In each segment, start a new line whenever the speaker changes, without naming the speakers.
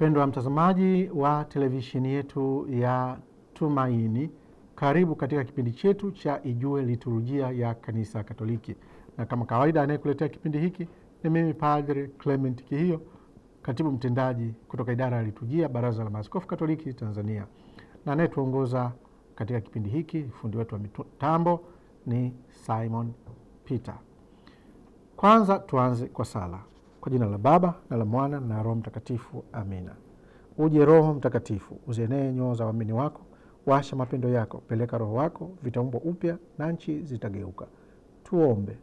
Mpendwa mtazamaji wa televisheni yetu ya Tumaini, karibu katika kipindi chetu cha Ijue Liturujia ya Kanisa Katoliki, na kama kawaida anayekuletea kipindi hiki ni mimi Padre Clement Kihio, katibu mtendaji kutoka idara ya liturujia, Baraza la Maaskofu Katoliki Tanzania, na anayetuongoza katika kipindi hiki fundi wetu wa mitambo ni Simon Peter. Kwanza tuanze kwa sala. Kwa jina la Baba na la Mwana na Roho Mtakatifu, amina. Uje Roho Mtakatifu, uzienee nyoo za waamini wako, washa mapendo yako, peleka Roho wako, vitaumbwa upya na nchi zitageuka. Tuombe.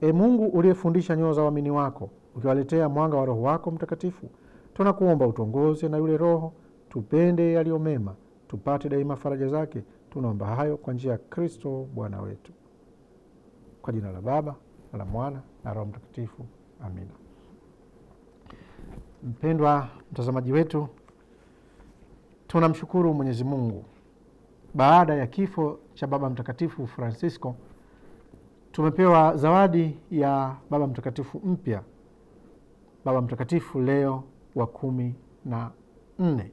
E Mungu uliyefundisha nyoo za waamini wako, ukiwaletea mwanga wa Roho wako Mtakatifu, tunakuomba utongoze na yule Roho tupende yaliyo mema, tupate daima faraja zake. Tunaomba hayo kwa njia ya Kristo Bwana wetu. Kwa jina la Baba na la Mwana na Roho Mtakatifu, amina. Mpendwa mtazamaji wetu, tunamshukuru Mwenyezi Mungu. Baada ya kifo cha Baba Mtakatifu Francisco, tumepewa zawadi ya Baba Mtakatifu mpya, Baba Mtakatifu Leo wa kumi na nne.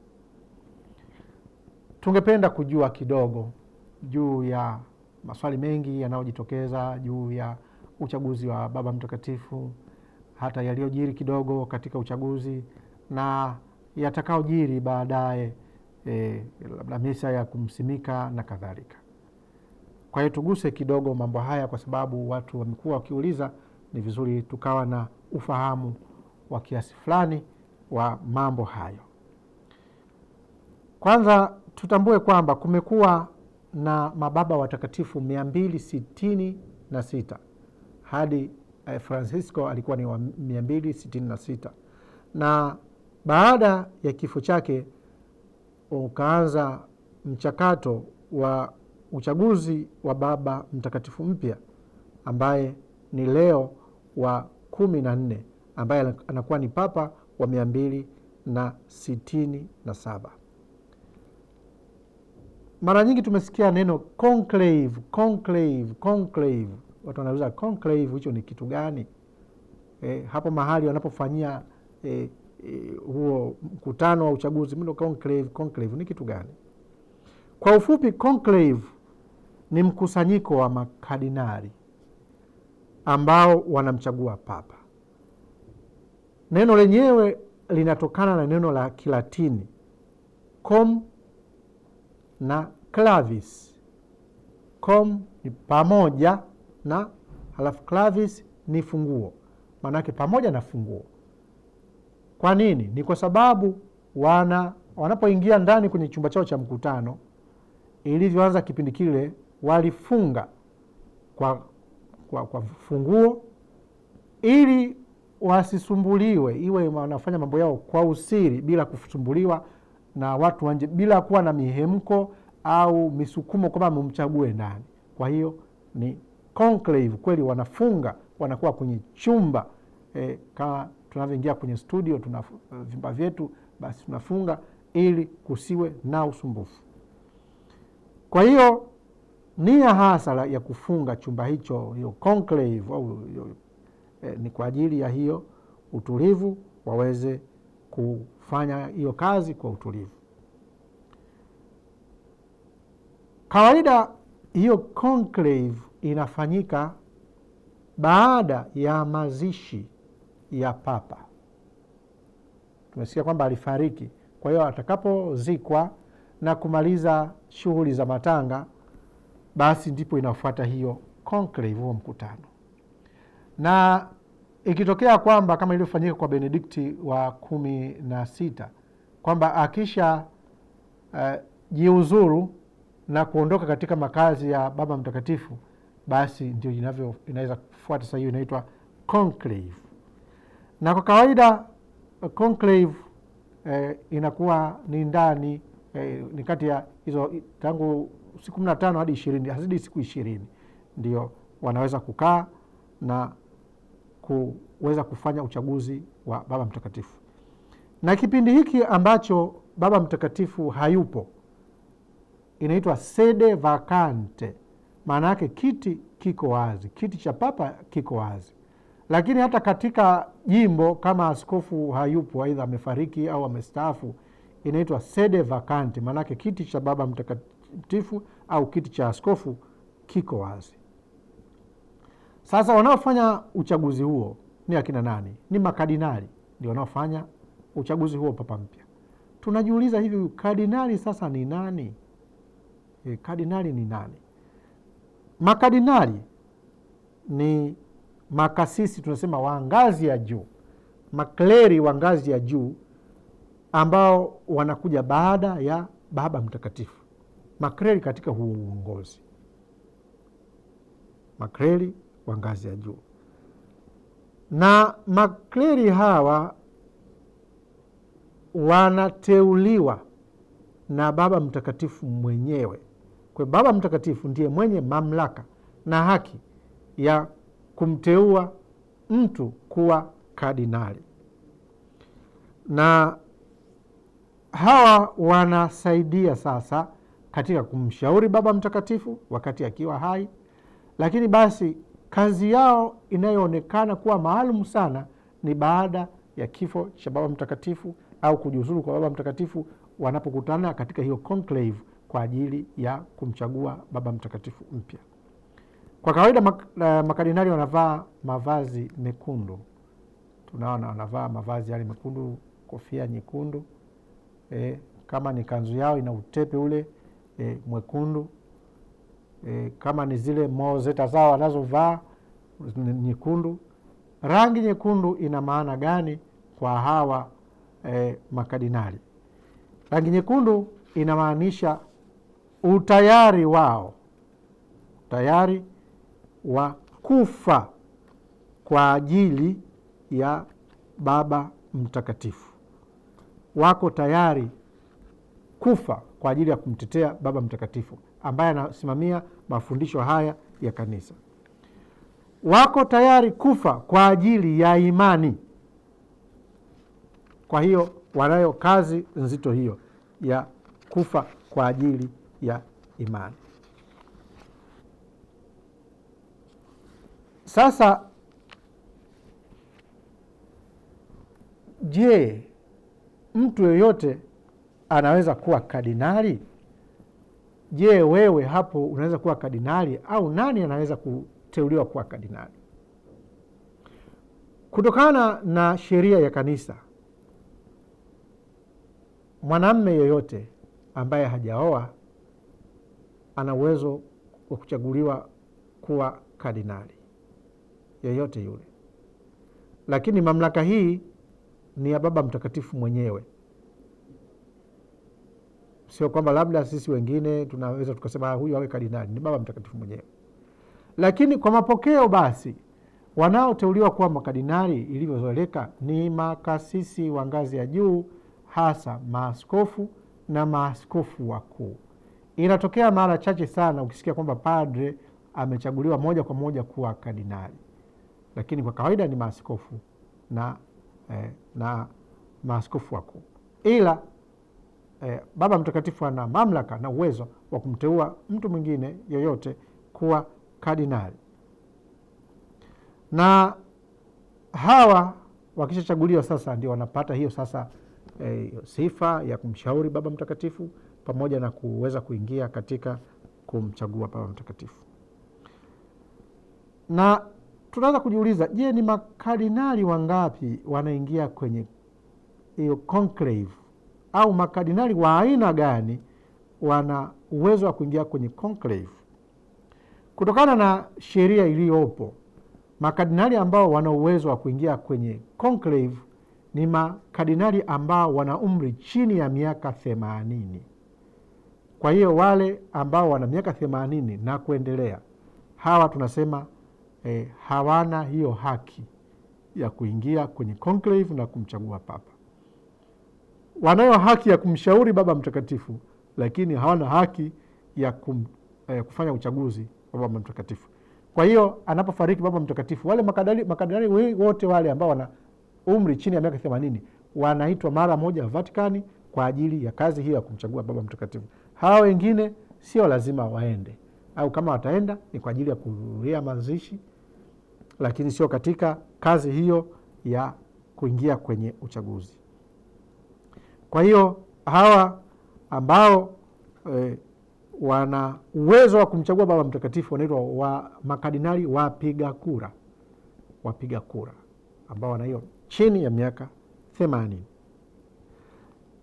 Tungependa kujua kidogo juu ya maswali mengi yanayojitokeza juu ya uchaguzi wa Baba Mtakatifu hata yaliyojiri kidogo katika uchaguzi na yatakaojiri baadaye, e, labda misa ya kumsimika na kadhalika. Kwa hiyo tuguse kidogo mambo haya, kwa sababu watu wamekuwa wakiuliza, ni vizuri tukawa na ufahamu wa kiasi fulani wa mambo hayo. Kwanza tutambue kwamba kumekuwa na mababa watakatifu mia mbili sitini na sita hadi Eh, Francisco alikuwa ni wa 266 na baada ya kifo chake ukaanza mchakato wa uchaguzi wa Baba Mtakatifu mpya ambaye ni Leo wa kumi na nne ambaye anakuwa ni papa wa mia mbili na sitini na saba. Mara nyingi tumesikia neno conclave, conclave, conclave watu wanauza conclave, hicho ni kitu gani? E, hapo mahali wanapofanyia e, e, huo mkutano wa uchaguzi mno, conclave, conclave ni kitu gani? Kwa ufupi, conclave ni mkusanyiko wa makadinari ambao wanamchagua papa. Neno lenyewe linatokana na neno la Kilatini com na clavis. Com ni pamoja na halafu clavis ni funguo, maanake pamoja na funguo. Kwa nini? Ni kwa sababu wana wanapoingia ndani kwenye chumba chao cha mkutano, ilivyoanza kipindi kile, walifunga kwa, kwa, kwa funguo ili wasisumbuliwe, iwe wanafanya mambo yao kwa usiri bila kusumbuliwa na watu wanje, bila kuwa na mihemko au misukumo kwamba mumchague nani. Kwa hiyo ni conclave, kweli wanafunga, wanakuwa kwenye chumba e, eh, kama tunavyoingia kwenye studio tuna eh, vyumba vyetu, basi tunafunga ili kusiwe na usumbufu. Kwa hiyo nia hasa ya kufunga chumba hicho, hiyo conclave au e, ni kwa ajili ya hiyo utulivu, waweze kufanya hiyo kazi kwa utulivu. Kawaida hiyo conclave inafanyika baada ya mazishi ya Papa. Tumesikia kwamba alifariki, kwa hiyo atakapozikwa na kumaliza shughuli za matanga, basi ndipo inafuata hiyo conclave, huo mkutano, na ikitokea kwamba kama ilivyofanyika kwa Benedikti wa kumi na sita kwamba akisha uh, jiuzuru na kuondoka katika makazi ya Baba Mtakatifu basi ndio inavyo inaweza kufuata sasa, hiyo inaitwa conclave. Na kwa kawaida eh, conclave eh, inakuwa ni ndani eh, ni kati ya hizo tangu siku kumi na tano hadi ishirini, hazidi siku ishirini ndio wanaweza kukaa na kuweza kufanya uchaguzi wa Baba Mtakatifu. Na kipindi hiki ambacho Baba Mtakatifu hayupo inaitwa sede vacante maana yake kiti kiko wazi, kiti cha papa kiko wazi. Lakini hata katika jimbo kama askofu hayupo, aidha amefariki au amestaafu, inaitwa sede vacante, maanake kiti cha baba mtakatifu au kiti cha askofu kiko wazi. Sasa wanaofanya uchaguzi huo ni akina nani? Ni makadinali ndio wanaofanya uchaguzi huo papa mpya. Tunajiuliza hivi, kardinali sasa ni nani? E, eh, kardinali ni nani? makadinali ni makasisi tunasema wa ngazi ya juu, makleri wa ngazi ya juu ambao wanakuja baada ya Baba Mtakatifu. Makleri katika huu uongozi, makleri wa ngazi ya juu, na makleri hawa wanateuliwa na Baba Mtakatifu mwenyewe kwa Baba Mtakatifu ndiye mwenye mamlaka na haki ya kumteua mtu kuwa kardinali, na hawa wanasaidia sasa katika kumshauri Baba Mtakatifu wakati akiwa hai. Lakini basi kazi yao inayoonekana kuwa maalum sana ni baada ya kifo cha Baba Mtakatifu au kujiuzulu kwa Baba Mtakatifu, wanapokutana katika hiyo conclave kwa ajili ya kumchagua Baba Mtakatifu mpya. Kwa kawaida mak makardinali wanavaa mavazi mekundu, tunaona wanavaa mavazi yale mekundu, kofia nyekundu e, kama ni kanzu yao ina utepe ule e, mwekundu e, kama ni zile mozeta zao wanazovaa nyekundu. Rangi nyekundu ina maana gani kwa hawa e, makardinali? Rangi nyekundu inamaanisha utayari wao, utayari wa kufa kwa ajili ya Baba Mtakatifu. Wako tayari kufa kwa ajili ya kumtetea Baba Mtakatifu ambaye anasimamia mafundisho haya ya kanisa. Wako tayari kufa kwa ajili ya imani. Kwa hiyo wanayo kazi nzito hiyo ya kufa kwa ajili ya imani. Sasa je, mtu yeyote anaweza kuwa kardinali? Je, wewe hapo unaweza kuwa kardinali au nani anaweza kuteuliwa kuwa kardinali? Kutokana na sheria ya kanisa, mwanamme yeyote ambaye hajaoa ana uwezo wa kuchaguliwa kuwa kardinali yeyote yule, lakini mamlaka hii ni ya Baba Mtakatifu mwenyewe, sio kwamba labda sisi wengine tunaweza tukasema ah, huyu awe kardinali. Ni Baba Mtakatifu mwenyewe. Lakini kwa mapokeo basi, wanaoteuliwa kuwa makardinali ilivyozoeleka ni makasisi wa ngazi ya juu, hasa maaskofu na maaskofu wakuu. Inatokea mara chache sana ukisikia kwamba padre amechaguliwa moja kwa moja kuwa kardinali, lakini kwa kawaida ni maaskofu na, eh, na maaskofu wakuu. Ila eh, Baba Mtakatifu ana mamlaka na uwezo wa kumteua mtu mwingine yoyote kuwa kardinali, na hawa wakishachaguliwa sasa ndio wanapata hiyo sasa eh, sifa ya kumshauri Baba Mtakatifu pamoja na kuweza kuingia katika kumchagua Papa Mtakatifu. Na tunaweza kujiuliza, je, ni makardinali wangapi wanaingia kwenye hiyo conclave au makardinali wa aina gani wana uwezo wa kuingia kwenye conclave? Kutokana na sheria iliyopo, makardinali ambao wana uwezo wa kuingia kwenye conclave ni makardinali ambao wana umri chini ya miaka themanini. Kwa hiyo wale ambao wana miaka themanini na kuendelea, hawa tunasema e, hawana hiyo haki ya kuingia kwenye conclave na kumchagua papa. Wanayo haki ya kumshauri Baba Mtakatifu, lakini hawana haki ya kum, e, kufanya uchaguzi wa Baba Mtakatifu. Kwa hiyo anapofariki Baba Mtakatifu, wale makardinali wote wale ambao wana umri chini ya miaka themanini wanaitwa mara moja Vatikani kwa ajili ya kazi hiyo ya kumchagua Baba Mtakatifu. Hawa wengine sio lazima waende, au kama wataenda ni kwa ajili ya kuhudhuria mazishi, lakini sio katika kazi hiyo ya kuingia kwenye uchaguzi. Kwa hiyo hawa ambao e, wana uwezo wa kumchagua Baba Mtakatifu wanaitwa wa makardinali wapiga kura, wapiga kura ambao wana hiyo chini ya miaka themanini.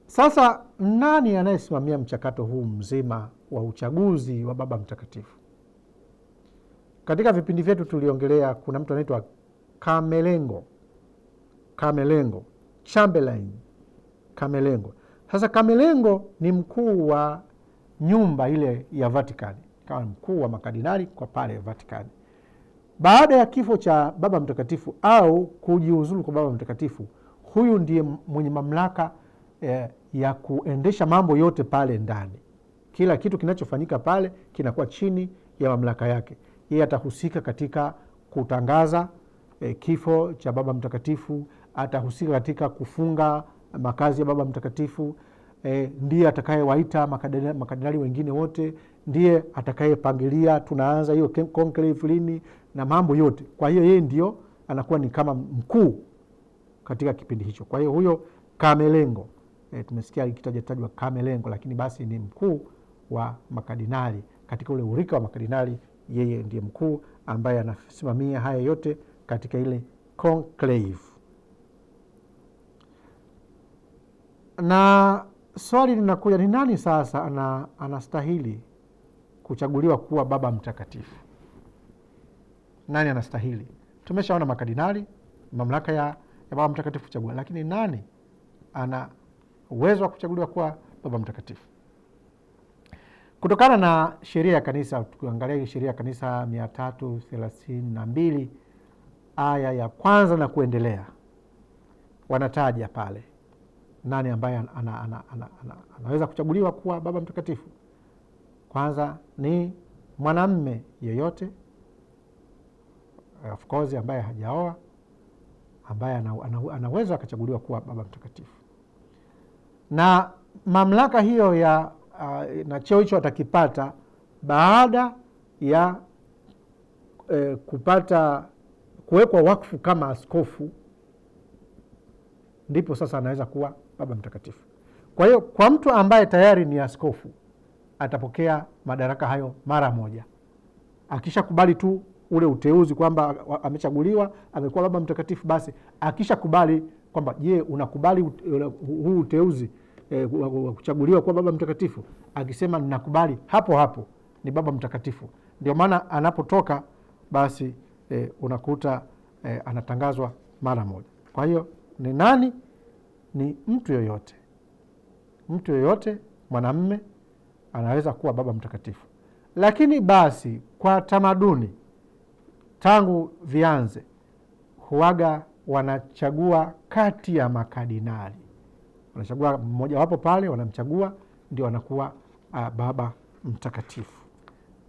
Sasa nani anayesimamia mchakato huu mzima wa uchaguzi wa Baba Mtakatifu? Katika vipindi vyetu tuliongelea, kuna mtu anaitwa Kamelengo, Kamelengo Chamberlain, Kamelengo. Sasa Kamelengo ni mkuu wa nyumba ile ya Vatikani, kama mkuu wa makadinali kwa pale Vatikani. Baada ya kifo cha Baba Mtakatifu au kujiuzulu kwa Baba Mtakatifu, huyu ndiye mwenye mamlaka Eh, ya kuendesha mambo yote pale ndani. Kila kitu kinachofanyika pale kinakuwa chini ya mamlaka yake. Yeye atahusika katika kutangaza eh, kifo cha Baba Mtakatifu, atahusika katika kufunga makazi ya Baba Mtakatifu. E, ndiye atakayewaita makadinali wengine wote, ndiye atakayepangilia tunaanza hiyo conclave lini na mambo yote. Kwa hiyo yeye ndio anakuwa ni kama mkuu katika kipindi hicho. Kwa hiyo huyo kamelengo e, tumesikia ikitajatajwa Kamelengo, lakini basi ni mkuu wa makadinali katika ule urika wa makadinali, yeye ndiye mkuu ambaye anasimamia haya yote katika ile conclave. Na swali linakuja ni nani sasa ana, anastahili kuchaguliwa kuwa baba mtakatifu? Nani anastahili? Tumeshaona makadinali mamlaka ya, ya baba mtakatifu kuchagua, lakini nani ana uwezo wa kuchaguliwa kuwa Baba Mtakatifu. Kutokana na sheria ya kanisa, tukiangalia sheria ya kanisa mia tatu thelathini na mbili aya ya kwanza na kuendelea, wanataja pale nani ambaye ana, ana, ana, ana, ana, anaweza kuchaguliwa kuwa Baba Mtakatifu. Kwanza ni mwanamme yeyote of course ambaye hajaoa ambaye anaweza ana, ana, ana akachaguliwa kuwa Baba Mtakatifu na mamlaka hiyo ya uh, na cheo hicho atakipata baada ya eh, kupata kuwekwa wakfu kama askofu, ndipo sasa anaweza kuwa baba mtakatifu. Kwa hiyo kwa mtu ambaye tayari ni askofu atapokea madaraka hayo mara moja, akishakubali tu ule uteuzi kwamba amechaguliwa amekuwa baba mtakatifu, basi akishakubali kwamba je, unakubali huu uteuzi eh, wa e, kuchaguliwa kuwa baba mtakatifu? Akisema ninakubali, hapo hapo ni baba mtakatifu. Ndio maana anapotoka basi e, unakuta e, anatangazwa mara moja. Kwa hiyo ni nani? Ni mtu yoyote, mtu yoyote mwanamme anaweza kuwa baba mtakatifu. Lakini basi kwa tamaduni tangu vianze huaga wanachagua kati ya makadinali, wanachagua mmojawapo pale, wanamchagua ndio anakuwa uh, baba mtakatifu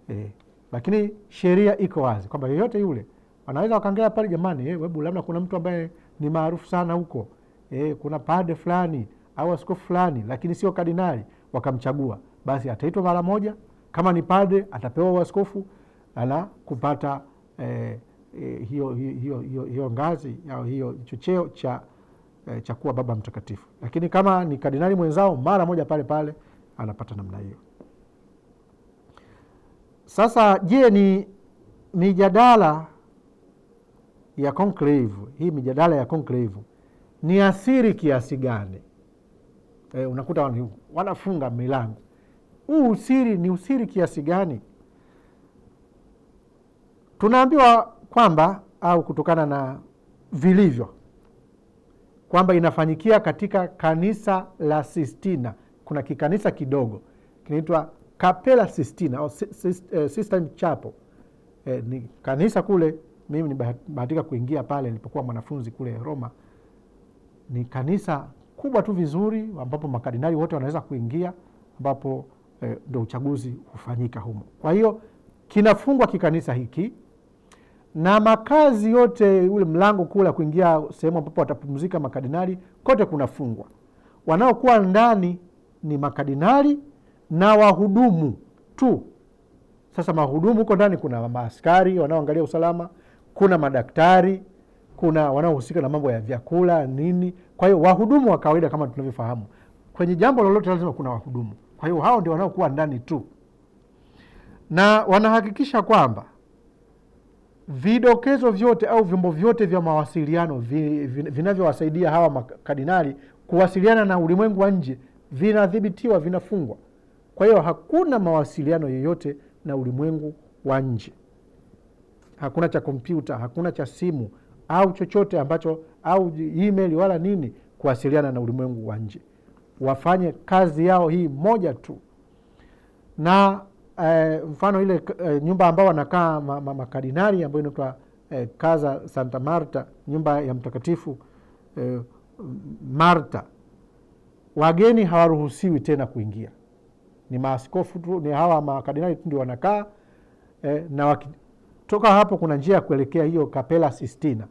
eh. Lakini sheria iko wazi kwamba yeyote yule wanaweza wakaangalia pale, jamani, hebu eh, labda kuna mtu ambaye ni maarufu sana huko eh, kuna pade fulani au askofu fulani, lakini sio kadinali, wakamchagua, basi ataitwa mara moja. Kama ni pade, atapewa uaskofu ana kupata eh, eh, hiyo, hiyo, hiyo, hiyo ngazi au hiyo chocheo cha, eh, cha kuwa baba mtakatifu, lakini kama ni kardinali mwenzao mara moja pale pale anapata namna hiyo. Sasa je, ni mijadala ya conclave hii mijadala ya conclave ni asiri kiasi gani? Eh, unakuta wanafunga milango. Huu usiri ni usiri kiasi gani? Tunaambiwa kwamba au kutokana na vilivyo kwamba inafanyikia katika kanisa la Sistina. Kuna kikanisa kidogo kinaitwa Kapela Sistina au eh, Sistine Chapel. eh, ni kanisa kule, mimi nibahatika kuingia pale nilipokuwa mwanafunzi kule Roma. Ni kanisa kubwa tu vizuri, ambapo makardinali wote wanaweza kuingia, ambapo eh, ndo uchaguzi hufanyika humo. Kwa hiyo kinafungwa kikanisa hiki na makazi yote, ule mlango kuu la kuingia sehemu ambapo watapumzika makadinali, kote kunafungwa. Wanaokuwa ndani ni makadinali na wahudumu tu. Sasa mahudumu huko ndani, kuna maaskari wanaoangalia usalama, kuna madaktari, kuna wanaohusika na mambo ya vyakula nini. Kwa hiyo wahudumu wa kawaida kama tunavyofahamu kwenye jambo lolote lazima kuna wahudumu. Kwa hiyo hao ndio wanaokuwa ndani tu, na wanahakikisha kwamba vidokezo vyote au vyombo vyote vya mawasiliano vinavyowasaidia hawa makadinali kuwasiliana na ulimwengu wa nje vinadhibitiwa, vinafungwa. Kwa hiyo hakuna mawasiliano yoyote na ulimwengu wa nje, hakuna cha kompyuta, hakuna cha simu au chochote ambacho au email wala nini kuwasiliana na ulimwengu wa nje. Wafanye kazi yao hii moja tu na eh, mfano ile eh, nyumba ambao wanakaa makardinali ma, ma ambayo inaitwa eh, Casa Santa Marta, nyumba ya mtakatifu eh, Marta, wageni hawaruhusiwi tena kuingia. Ni maaskofu tu, ni hawa makardinali tu ndio wanakaa eh, na wakitoka hapo kuna njia ya kuelekea hiyo Kapela Sistina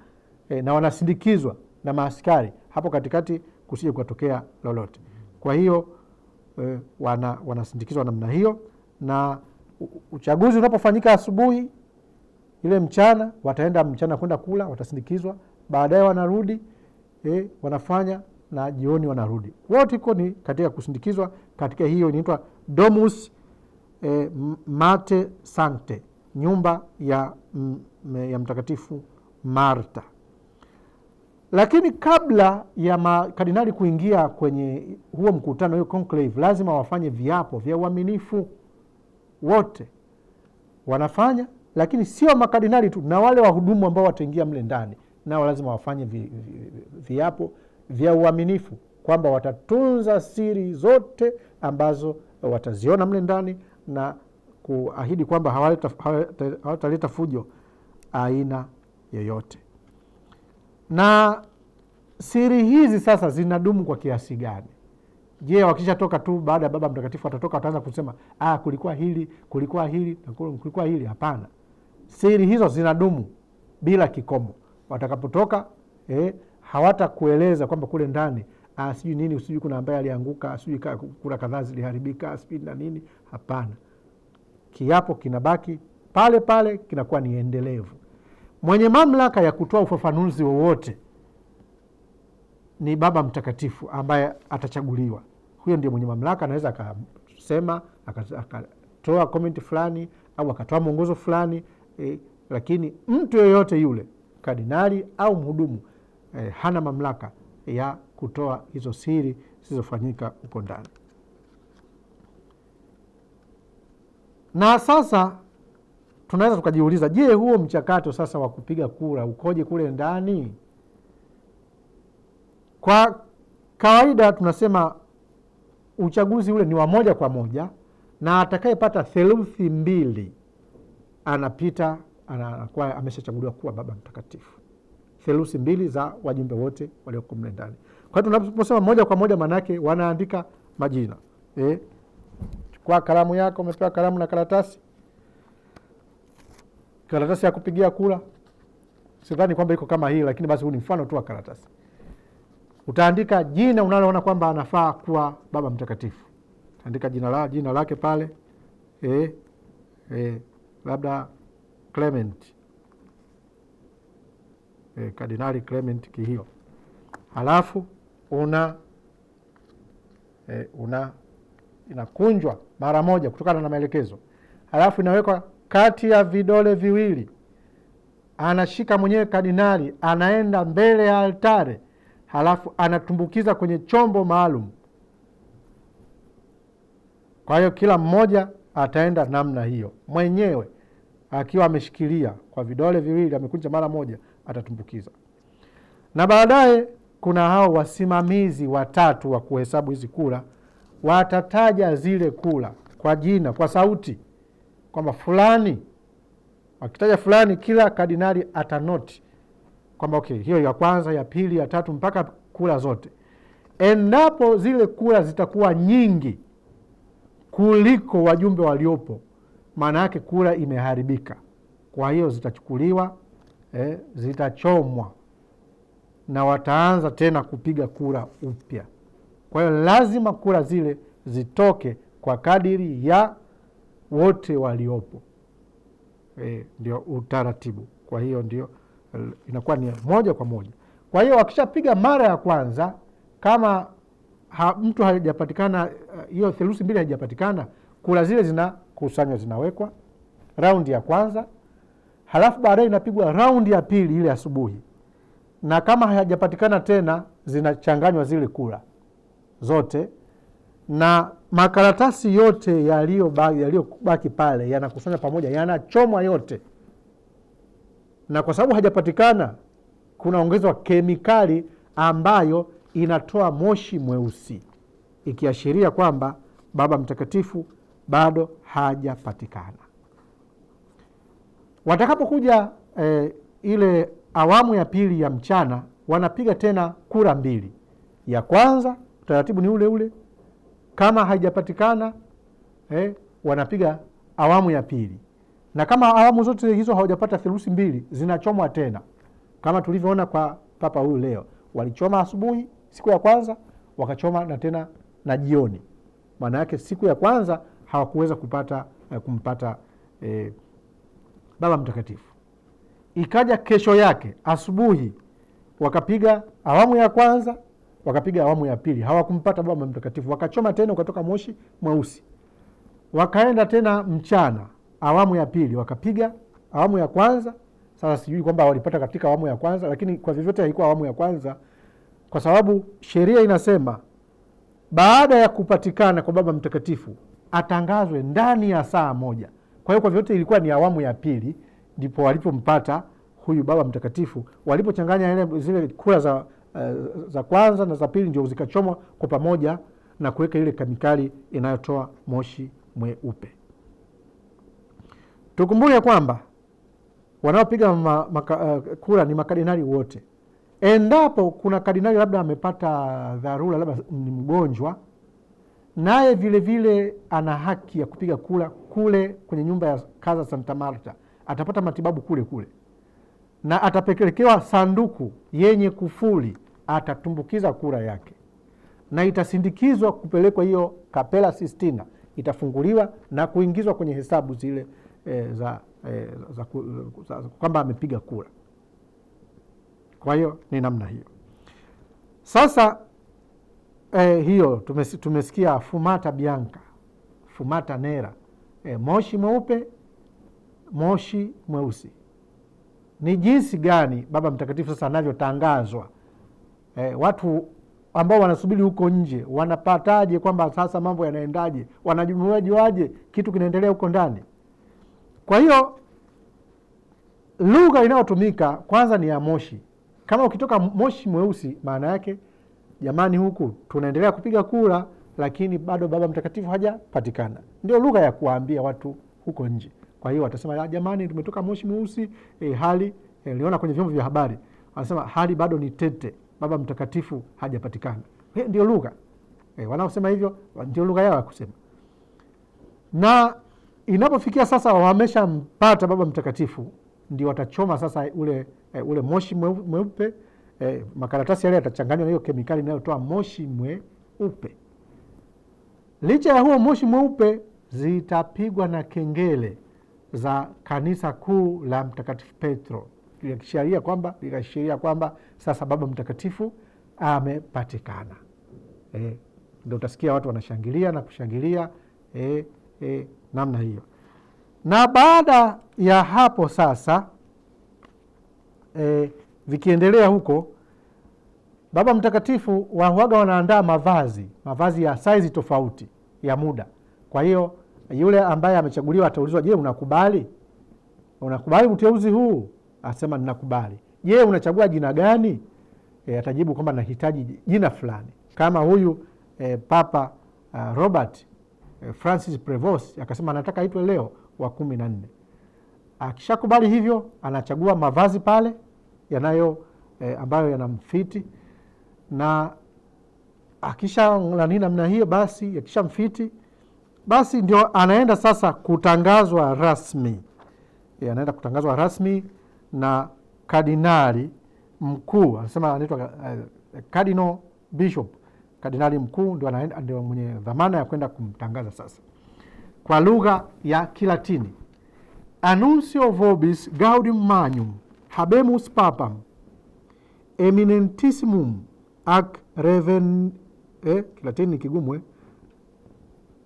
eh, na wanasindikizwa na maaskari hapo katikati, kusije kukatokea lolote. Kwa hiyo eh, wana, wanasindikizwa namna hiyo na uchaguzi unapofanyika asubuhi ile mchana, wataenda mchana kwenda kula, watasindikizwa, baadaye wanarudi e, wanafanya na jioni wanarudi wote, iko ni katika kusindikizwa katika hiyo inaitwa domus e, mate sancte, nyumba ya, m, ya mtakatifu Marta. Lakini kabla ya makardinali kuingia kwenye huo mkutano, hiyo conclave, lazima wafanye viapo vya uaminifu wote wanafanya, lakini sio makardinali tu, na wale wahudumu ambao wataingia mle ndani nao lazima wafanye vi, vi, viapo vya uaminifu kwamba watatunza siri zote ambazo wataziona mle ndani na kuahidi kwamba hawataleta fujo aina yoyote. Na siri hizi sasa zinadumu kwa kiasi gani? Je, wakishatoka tu baada ya Baba Mtakatifu atatoka, wataanza kusema ah, kulikuwa hili kulikuwa hili kulikuwa hili? Hapana, siri hizo zinadumu bila kikomo. Watakapotoka eh, hawatakueleza kwamba kule ndani ah, sijui nini, sijui kuna ambaye alianguka, sijui kuna kadhaa ziliharibika, sijui na nini. Hapana, kiapo kinabaki pale pale, kinakuwa ni endelevu. Mwenye mamlaka ya kutoa ufafanuzi wowote ni Baba Mtakatifu ambaye atachaguliwa huyo ndio mwenye mamlaka, anaweza akasema akatoa komenti fulani au akatoa mwongozo fulani e, lakini mtu yoyote yule kardinali au mhudumu e, hana mamlaka ya kutoa hizo siri zilizofanyika huko ndani. Na sasa tunaweza tukajiuliza, je, huo mchakato sasa wa kupiga kura ukoje kule ndani? Kwa kawaida tunasema uchaguzi ule ni wa moja kwa moja, na atakayepata theluthi mbili anapita, anakuwa ameshachaguliwa kuwa Baba Mtakatifu, theluthi mbili za wajumbe wote walioko mle ndani. Kwa hiyo tunaposema moja kwa moja, maanake wanaandika majina eh. Chukua kalamu yako, umepewa kalamu na karatasi, karatasi ya kupigia kura. Sidhani kwamba iko kama hii, lakini basi huu ni mfano tu wa karatasi utaandika jina unaloona kwamba anafaa kuwa Baba Mtakatifu, utaandika jina, la, jina lake pale e, e, labda Clement e, Kardinali Clement Kihio, halafu una e, una inakunjwa mara moja kutokana na maelekezo, halafu inawekwa kati ya vidole viwili, anashika mwenyewe kardinali, anaenda mbele ya altare halafu anatumbukiza kwenye chombo maalum. Kwa hiyo kila mmoja ataenda namna hiyo mwenyewe, akiwa ameshikilia kwa vidole viwili, amekunja mara moja, atatumbukiza. Na baadaye kuna hao wasimamizi watatu wa kuhesabu hizi kura, watataja zile kura kwa jina, kwa sauti, kwamba fulani. Wakitaja fulani, kila kardinali atanoti kwamba okay, hiyo ya kwanza, ya pili, ya tatu mpaka kura zote, endapo zile kura zitakuwa nyingi kuliko wajumbe waliopo, maana yake kura imeharibika. Kwa hiyo zitachukuliwa, eh, zitachomwa na wataanza tena kupiga kura upya. Kwa hiyo lazima kura zile zitoke kwa kadiri ya wote waliopo. E, ndio utaratibu. Kwa hiyo ndio inakuwa ni moja kwa moja. Kwa hiyo wakishapiga mara ya kwanza kama ha, mtu hajapatikana eh, hiyo theluthi mbili haijapatikana, kura zile zinakusanywa zinawekwa raundi ya kwanza, halafu baadaye inapigwa raundi ya pili ile asubuhi, na kama hajapatikana tena zinachanganywa zile kura zote na makaratasi yote yaliyobaki yaliyo pale yanakusanywa pamoja, yanachomwa yote na kwa sababu hajapatikana, kunaongezwa kemikali ambayo inatoa moshi mweusi, ikiashiria kwamba Baba Mtakatifu bado hajapatikana. Watakapokuja e, ile awamu ya pili ya mchana, wanapiga tena kura mbili. Ya kwanza utaratibu ni ule ule, kama haijapatikana eh, wanapiga awamu ya pili na kama awamu zote hizo hawajapata theluthi mbili, zinachomwa tena kama tulivyoona kwa papa huyu leo. Walichoma asubuhi siku ya kwanza, wakachoma na tena na jioni. Maana yake siku ya kwanza hawakuweza kupata eh, kumpata eh, Baba Mtakatifu. Ikaja kesho yake asubuhi, wakapiga awamu ya kwanza, wakapiga awamu ya pili, hawakumpata Baba Mtakatifu, wakachoma tena, ukatoka moshi mweusi. Wakaenda tena mchana awamu ya pili wakapiga awamu ya kwanza. Sasa sijui kwamba walipata katika awamu ya kwanza, lakini kwa vyovyote haikuwa awamu ya kwanza, kwa sababu sheria inasema baada ya kupatikana kwa Baba Mtakatifu atangazwe ndani ya saa moja. Kwa hiyo kwa vyote ilikuwa ni awamu ya pili, ndipo walipompata huyu Baba Mtakatifu. Walipochanganya ile zile kura za, uh, za kwanza na za pili, ndio zikachomwa kwa pamoja na kuweka ile kemikali inayotoa moshi mweupe. Tukumbuke kwamba wanaopiga uh, kura ni makardinali wote. Endapo kuna kardinali labda amepata dharura, labda ni mgonjwa, naye vilevile ana haki ya kupiga kura kule kwenye nyumba ya kaza Santa Marta, atapata matibabu kule kule na atapelekewa sanduku yenye kufuli, atatumbukiza kura yake na itasindikizwa kupelekwa hiyo Kapela Sistina, itafunguliwa na kuingizwa kwenye hesabu zile e, za, e, za, za, za kwamba amepiga kura. Kwa hiyo ni namna hiyo sasa. E, hiyo tumes, tumesikia fumata bianca, fumata nera e, moshi mweupe, moshi mweusi. Ni jinsi gani Baba Mtakatifu sasa anavyotangazwa e, watu ambao wanasubiri huko nje wanapataje kwamba sasa mambo yanaendaje? Wanajumuajiwaje? Kitu kinaendelea huko ndani. Kwa hiyo lugha inayotumika kwanza ni ya Moshi. Kama ukitoka Moshi mweusi, maana yake jamani, huku tunaendelea kupiga kura, lakini bado Baba Mtakatifu hajapatikana. Ndio lugha ya kuwaambia watu huko nje. Kwa hiyo watasema ah, jamani, tumetoka Moshi mweusi, e, hali eh, niliona e, kwenye vyombo vya habari wanasema hali bado ni tete, Baba Mtakatifu hajapatikana. Eh, ndio lugha e, wanaosema hivyo, ndio lugha yao ya kusema na Inapofikia sasa wameshampata Baba Mtakatifu, ndio watachoma sasa ule, e, ule moshi mweupe e, makaratasi yale yatachanganywa na hiyo kemikali inayotoa moshi mweupe. Licha ya huo moshi mweupe, zitapigwa na kengele za kanisa kuu la Mtakatifu Petro likisharia kwamba likashiria kwamba sasa Baba Mtakatifu amepatikana. E, eh, ndo utasikia watu wanashangilia na kushangilia e, e, namna hiyo. Na baada ya hapo sasa e, vikiendelea huko, Baba Mtakatifu wahuaga wanaandaa mavazi, mavazi ya saizi tofauti ya muda. Kwa hiyo yule ambaye amechaguliwa ataulizwa, je, unakubali unakubali uteuzi huu? Asema ninakubali. Je, unachagua jina gani? E, atajibu kwamba nahitaji jina fulani, kama huyu e, Papa uh, Robert Eh, Francis Prevost akasema anataka aitwe leo wa kumi na nne. Akishakubali hivyo, anachagua mavazi pale yanayo eh, ambayo yanamfiti na akisha nani namna hiyo, basi akishamfiti basi ndio anaenda sasa kutangazwa rasmi ya, eh, anaenda kutangazwa rasmi na kardinali mkuu, anasema anaitwa eh, cardinal bishop kardinali mkuu ndio anaenda, ndio mwenye dhamana ya kwenda kumtangaza sasa kwa lugha ya Kilatini, annuncio vobis gaudium magnum habemus papam eminentissimum ac reven eh, Kilatini eh.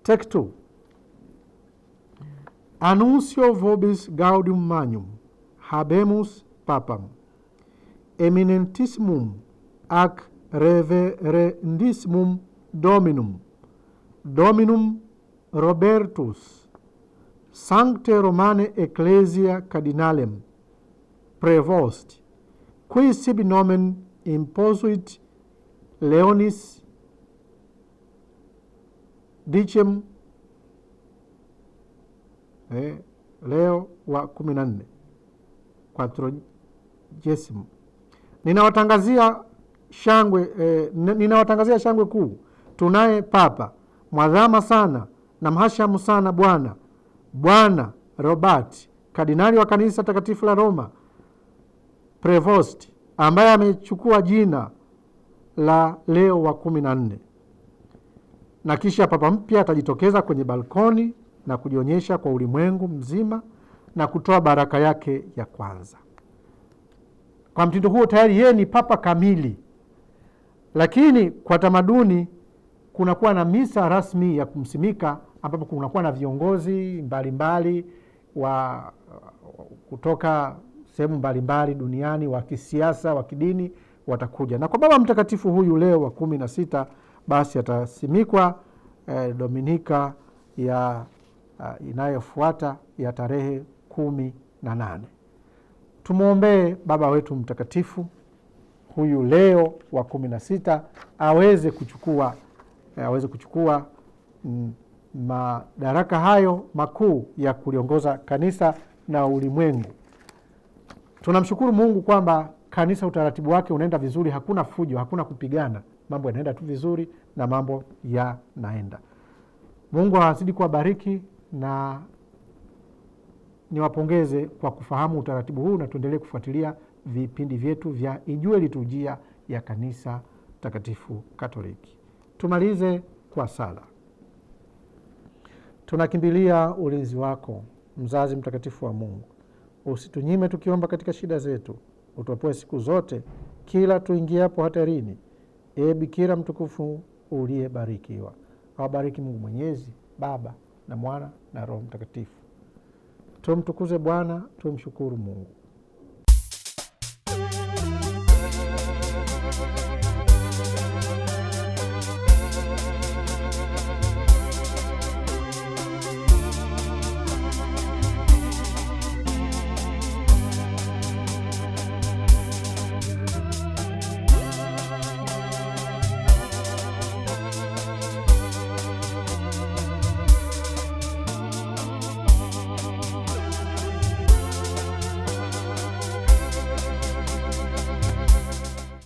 textu annuncio vobis gaudium magnum habemus papam eminentissimum ac reverendissimum dominum dominum Robertus sancte Romane ecclesia cardinalem prevost qui sibi nomen imposuit Leonis dicem eh, Leo wa kumi na nne quadragesimu. Ninawatangazia shangwe eh, ninawatangazia shangwe kuu. Tunaye papa mwadhama sana na mhashamu sana bwana Bwana Robert, kardinali wa kanisa takatifu la Roma, Prevost, ambaye amechukua jina la Leo wa kumi na nne, na kisha papa mpya atajitokeza kwenye balkoni na kujionyesha kwa ulimwengu mzima na kutoa baraka yake ya kwanza. Kwa mtindo huo tayari yeye ni papa kamili. Lakini kwa tamaduni kunakuwa na misa rasmi ya kumsimika ambapo kunakuwa na viongozi mbalimbali wa kutoka sehemu mbalimbali duniani wa kisiasa, wa kidini watakuja, na kwa Baba Mtakatifu huyu Leo wa kumi na sita basi atasimikwa eh, Dominika ya uh, inayofuata ya tarehe kumi na nane. Tumwombee Baba wetu Mtakatifu huyu Leo wa kumi na sita aweze kuchukua, aweze kuchukua mm, madaraka hayo makuu ya kuliongoza kanisa na ulimwengu. Tunamshukuru Mungu kwamba kanisa utaratibu wake unaenda vizuri, hakuna fujo, hakuna kupigana, mambo yanaenda tu vizuri na mambo yanaenda. Mungu awazidi kuwabariki na niwapongeze kwa kufahamu utaratibu huu na tuendelee kufuatilia vipindi vyetu vya Ijue Liturujia ya Kanisa Takatifu Katoliki. Tumalize kwa sala. Tunakimbilia ulinzi wako, mzazi mtakatifu wa Mungu, usitunyime tukiomba katika shida zetu, utuopoe siku zote kila tuingiapo hatarini. Ee Bikira mtukufu uliyebarikiwa. Awabariki Mungu Mwenyezi, Baba na Mwana na Roho Mtakatifu. Tumtukuze Bwana, tumshukuru Mungu.